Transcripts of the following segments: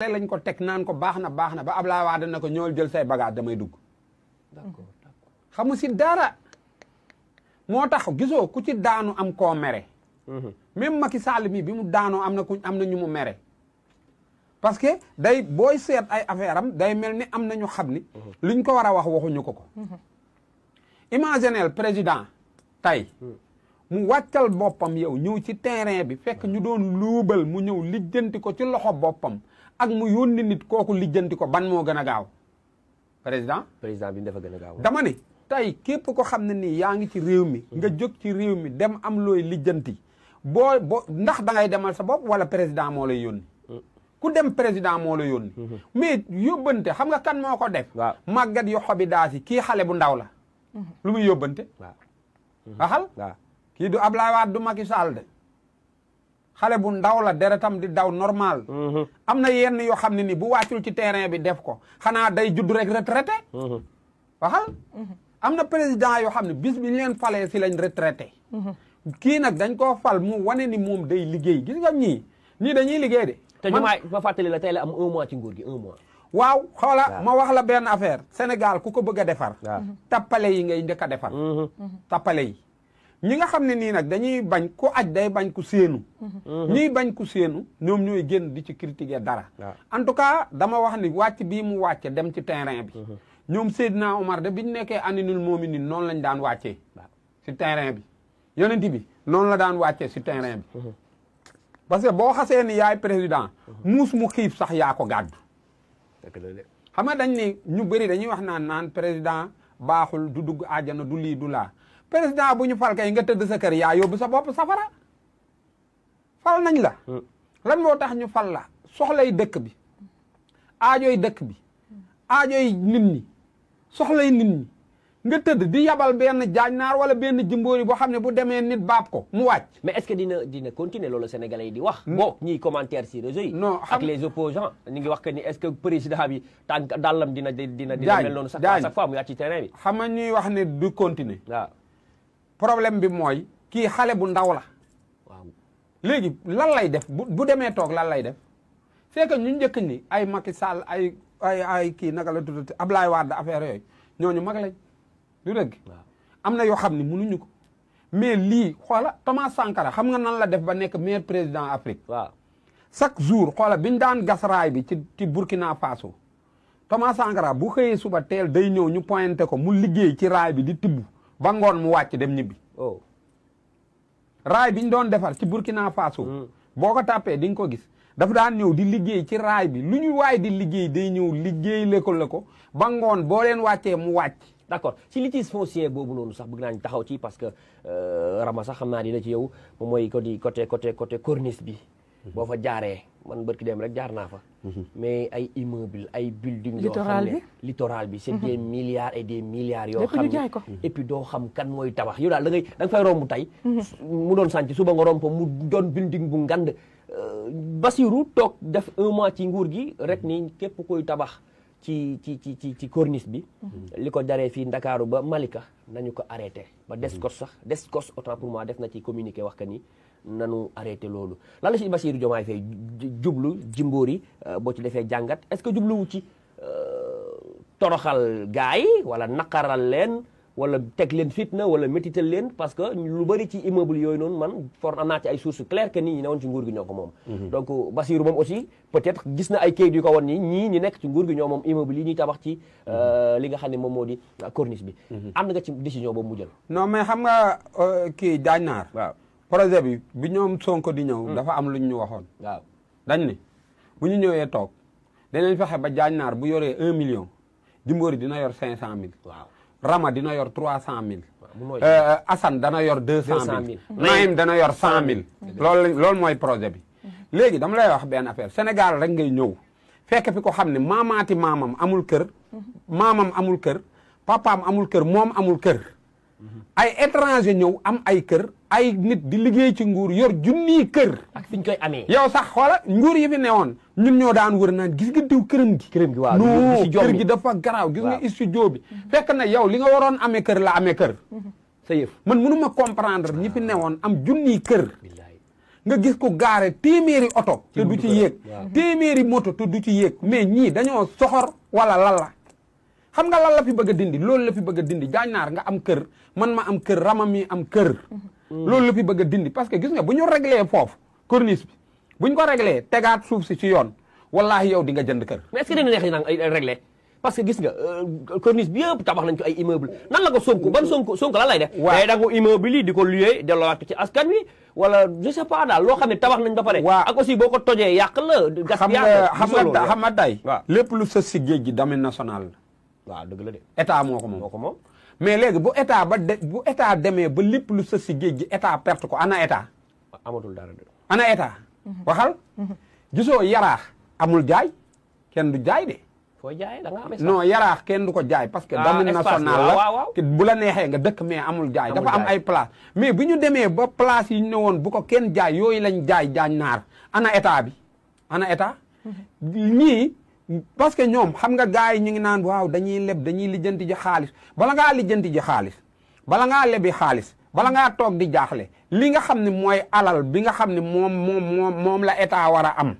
tey lañ ko teg naan ko baax na baax na ba Ablaye Wade na ko ñool jël say baga damay dugg. d'accord d'accord si dara. moo tax gisoo ku ci daanu am koo mere. Mhm. même Macky Sall mi bi mu daanoo am na ku am na ñu mu mere. parce que day booy seet ay affaire am day mel ni am na ñu xam ni. Mhm. liñ ko war a wax waxuñu ko ko. Mhm. imaginez président tay mu wàccal boppam yow ñëw ci terrain bi fekk ñu doon luubal mu ñëw lijjanti ko ci loxo boppam. ak mu yónni nit kooku lijjanti ko ban moo gën a gaaw président président bi dafa gën a gaaw dama ne tey képp ko xam ne nii yaa ngi ci réew mi nga jog ci réew mi dem am looy lijjanti bo ndax da demal sa bopp wala président moo lay ku dem président moo la yónni mais xam nga kan moo ko def màggat yu xobi daa si kii xale bu ndaw la mhm. lu muy yóbbante waxal kii du Ablaye Wade du Macky Sall de xale bu ndaw la deretam di daw normal. Mhm. am na yenn yoo xam ne ni bu wàccul ci terrain bi def ko xanaa day juddu rek retraité. Mhm. waxal. Mhm. am na président yoo xam ne bis bi ñu leen falee si lañ retraité. kii nag dañ koo fal mu wane ni moom day liggéey gis nga ñii ñii dañuy liggéey de. ma jumaay ma fàttali la tey am un mois ci nguur gi un mois. waaw xoola ma wax la benn affaire. Sénégal ku ko bëgg a defar. tappale yi ngay njëkk a defar. tappale yi. ñi nga xam ne nii nag dañuy bañ ko aj day bañ ku séenu mhm. ñiy bañ ku seenu ñoom ñooy génn di ci critiquer dara en tout cas dama wax ni wàcc bii mu wàcc dem ci terrain bi mhm. ñoom Seydina Omar de bi ñu nekkee aninul moominin noonu lañ daan wàccee si terrain bi yonent bi noonu la daan wàccee si terrain bi mhm. que boo xasee ni yaay président muus mu xiif sax yaa ko gàddu xam nga dañ ni ñu bëri dañuy wax naan naan président baaxul du dugg àjjana du lii du laa président bu ñu fal yi nga tëdd sa kër yaa yóbbu sa bopp safara fal nañ la hmm. lan moo tax ñu fal la soxlay dëkk bi aajoy dëkk bi aajoy nit ñi soxlay nit ñi nga tëdd di yabal benn naar wala benn jimboori boo xam ne bu demee nit baab ko mu wàcc. mais est-ce que dina dina continuer loolu sénégalais yi di wax. bon ñiy commentaire si réseau yi. non ak les opposants ñu ngi wax que ni est-ce que président bi tànk dàllam dina dina dina. mel noonu sax chaque fois mu yàgg ci terrain bi. xam nga ñuy wax ne du continuer waaw. problème bi mooy kii xale bu ndaw la léegi lan lay def bu bu demee toog lan lay def c'est que ñu njëkk ni ay Macky Sall ay ay kii naka la tuddati Ablaye Wade affaire yooy ñooñu mag lañ du dëgg am na yoo xam ne mënuñu ko mais lii xoola Thomas Sankara xam nga nan la def ba nekk meilleur président Afrique waaw chaque jour xoola biñ daan gas raay bi ci ci Burkina Faso Thomas Sankara bu xëyee suba teel day ñëw ñu pointé ko mu liggéey ci raay bi di tibb ba ngoon mu wàcc dem ñibbi. oh raay bi ñu doon defar ci Burkina Faso. Hmm. boo ko tàppee di nga ko gis. dafa daan ñëw di liggéey ci raay bi lu ñu waay di liggéey day ñëw liggéey lëkkal la ko ba ngoon boo leen wàccee mu wàcc. d' accord ci litige foncier boobu noonu sax bëgg naa ñu taxaw ci parce que euh, Rama sax xam naa dina ci yow moom mooy ko di côté côté côté corniche bi. Mm-hmm. bo fa jaaree man barki dem rek jaar fa. Mm-hmm. mais ay immeuble ay building. yo xamné litoral littoral bi c'est mm-hmm. des milliards et des milliards. yo xamné et puis do xam kan moy tabax yow dal da ngay da fay rombu tay mu don santi suba nga mu don building bu ngand. Euh, basirou tok def un mois ci nguur gi rek ni kep koy tabax. ci ci ci ci ci corniche bi. liko ko fi ba Malika nañu ko arrêter ba deskos, sax Descos autant pour moi def na ci communiquer wax ni. nanu arrêté loolu lan la si Bassirou Diomaye Faye jublu jimboor yi euh, boo ci defee jàngat est-ce que jubluwu ci euh, toroxal gaay yi wala naqaral leen wala teg leen fitna wala métital leen parce que lu bari ci immeuble yooyu noonu man for am naa ci ay sources claires que ni ñi newoon ci nguur gi ñoo ko moom mhm. donc euh, Bassirou moom aussi peut-être gis na ay kayit yu ko woon ni ñii ñi nekk ci nguur gi ñoo moom immeuble yi ñuy tabax ci mhm. li nga xam ne moom moo di corniche bi am mhm. na nga ci décision boobu mu jël non mais xam nga kii daañ projet bi bi ñoom Sonko di ñëw. Hmm. dafa am lu ñu waxoon. waaw dañ ni bu ñu ñëwee toog danañ fexe ba jaañ naar bu yoree un million Jimbori dina yor cinq cent mille. waaw Rama dina yor trois cent mille. Euh, Assane dana yor deux cent mille. Naim dana yor cent mille. loolu loolu mooy projet bi. Mhm. léegi dama lay wax benn affaire Sénégal rek ngay ñëw fekk fi ko xam ne maamaati maamam amul kër. Mhm. maamam amul kër papaam amul kër moom amul kër. Mhm. ay étranger ñëw am ay kër. ay nit di liggéey ci nguur yor junniy kër. ak koy amee. yow sax xoola nguur yi fi newoon ñun ñoo daan wër naan gis nga diw këram gi. këram gi waaw non kër gi dafa garaaw gis nga studio bi. fekk na yow li nga waroon amee kër la amee kër. sa yëf man mënu ma comprendre ñi pi newoon am junniy kër. nga gis ko gaare téeméeri oto. te du ci yéeg téeméeri moto te du ci yéeg. mais ñii dañoo soxor wala lalla. xam nga lan la fi bëgg dindi loolu la fi bëgg a dindi jaañ naar nga am kër man ma am kër rama mi am kër. Mm-hmm. loolu la fi bëgg a dindi parce que gis nga bu ñu réglé foof corniche bu ñu ko réglé tegaat suuf si ci yoon wallaahi yow di nga jënd kër. mais est-ce que dina neex naan ay réglé que gis nga euh, corniche bi yëpp tabax nañ ko ay immeuble nan la ko Sonko ban Sonko Sonko lan lay def. waaw day dagg immeuble yi di ko loué delloowaat ko ci askan wi. wala je sais daal loo xam ne tabax nañ ba pare. waaw ak aussi boo ko tojee yàq la. gas bi yàq xam nga xam nga day lépp lu sës si géej gi domaine national la. waaw dëgg la de moo ko moom moo ko moom mais léegi bu état ba de état demee ba lépp lu sa si géej gi état perte ko ana état. dara de. ana état. Mhm. waxal. Mhm. gisoo yaraax amul jaay kenn du jaay de. foo jaay da nga am non yaraax kenn du ko jaay. parce que ah, na national la bu la neexee nga dëkk mais amul jaay. dafa am ay place mais bu ñu demee ba place yi ñu ne woon bu ko kenn jaay yooyu lañ jaay jaañ naar ana état bi ana état. Mhm. ñii parce que ñom xam nga gaay yi ñu ngi naan waaw dañuy leb dañuy lijeenti ji xaaliss bala nga lijeenti ji xaaliss bala nga lebi xaaliss bala nga tok di jaxlé li nga xamni moy alal bi nga xamni mom mom mom moom la état wara am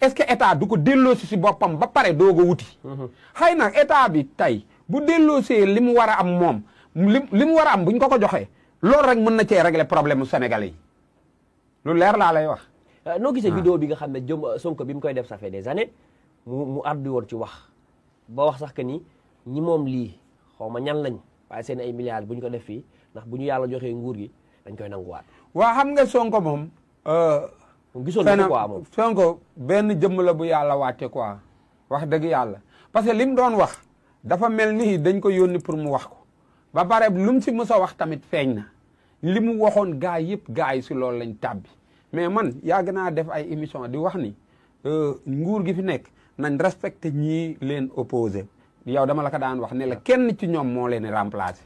est-ce que état du ko dello ci bopam ba paré dogo wuti xëy état bi tay bu dello ci mu wara am mom, li wara am buñ ko ko joxé lool rek mën na ci régler problème Sénégalais lu leer la lay wax euh, no gisé ah. vidéo bi nga xamné jom Sonko bi mu koy def ça fait des années mu mu àddu woon ci wax ba wax sax ke ni ñi mom li xawma ma ñan lañ way seen ay milliards buñ ko def fi ndax buñu yalla joxe nguur gi dañ koy nanguwaat. wa xam nga Sonko euh gisoon nañu quoi mom Sonko ben jëm la bu yalla waté quoi wax deug yalla parce que lim doon wax dafa mel dañ ko yoni pour mu wax ko ba pare lu mu si mës wax tamit feñ na li mu waxoon gaa yëpp gaa yi si lañ tabbi mais man yàgg def ay émission di wax ni euh, nguur gi fi nek nañ respecté ñii leen opposé yow dama la ko daan wax ne la kenn ci ñoom moo leen remplacé.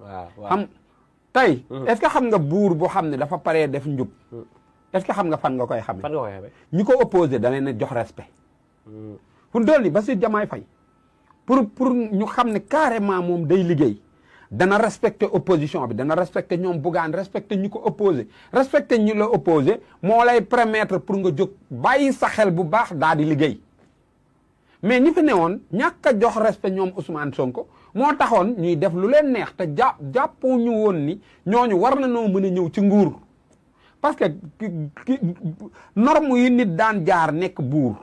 waaw waaw xam tey. Hmm. est-ce que xam nga buur boo xam ne dafa pare def njub. Hmm. est-ce que xam nga fan nga koy xam fan nga koy xamee ko opposé da leen jox respect. Hmm. fu dool yi ba si jamaay fay pour pour ñu xam ne carrément moom day liggéey. dana respecter opposition bi dana respecter ñoom bugaan respecter ñu ko opposé respecter ñu la opposé moo lay permettre pour nga jóg bàyyi sa xel bu baax daal di liggéey mais ñi fi woon ñàkk a jox respect ñoom Ousmane Sonko moo taxoon ñuy def lu leen neex te jàpp jàppu ñu woon ni ñooñu war na noo mën a ñëw ci nguur parce que norme yi nit daan jaar nekk buur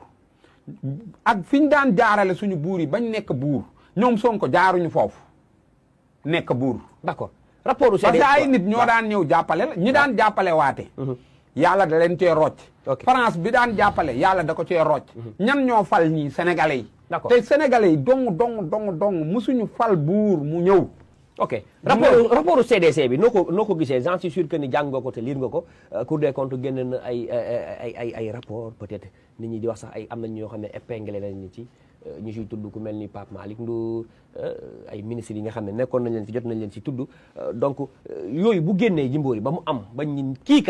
ak fi ñu daan jaarale suñu buur yi bañ nekk buur ñoom Sonko jaaruñu foofu nekk buur d'accord rapport parce que e ay nit ñoo daan ñëw jàppale la ñi daan jàppale waate mm-hmm. yàlla da leen cee rocc France bi daan jàppale yàlla da ko cee rocc mhm. ñan ñoo fal ñii sénégalais yi te sénégalais yi dong dong dong dong suñu fal buur mu ñëw ok rapport rapport CDC bi noo ko noo ko gisee j'en suis sûr que ni jàng nga ko te liir nga ko euh, Cour des comptes génne na ay rapport peut-être nit ñi di wax sax ay am nañ yoo xam ne épinglé nañ ni ci euh, ñu siy tudd ku mel ni Pape Malick Ndour euh, ay ministres yi nga xam ne nekkoon nañ leen fi jot nañ leen si tudd donc yooyu bu génnee jimboori ba mu am ba ñin kii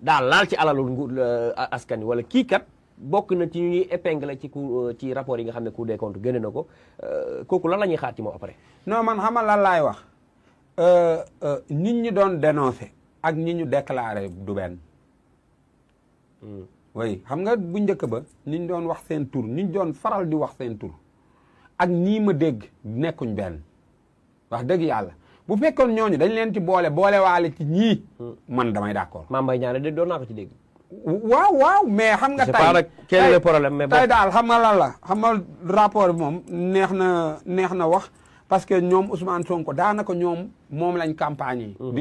daal laal ci alalul nguur euh, askan wi wala kii kat bokk na ci ñuy épingle ci ku euh, ci rapport yi nga xam ne Cour des comptes génne na ko euh, kooku lan la ñuy xaar ci moom après. non man xamal lan laay wax nit ñi doon dénoncé ak nit ñu déclaré du benn. Hmm. oui xam nga bu njëkk ba ni ñu doon wax seen tur ni ñu doon faral di wax seen tur ak nii ma dégg nekkuñ benn wax dëgg yàlla bu fekkoon ñooñu dañ leen ci boole boole waale ci ñii hmm. man damay d'accord Mame Mbaye Niang de doon naa ko ci dégg waaw waaw mais xam nga tey quel le problème mais tey daal xam nga lan la xam nga rapport bi moom neex na neex na wax parce que ñoom Ousmane Sonko daanaka ñoom moom lañ campagne yi hmm.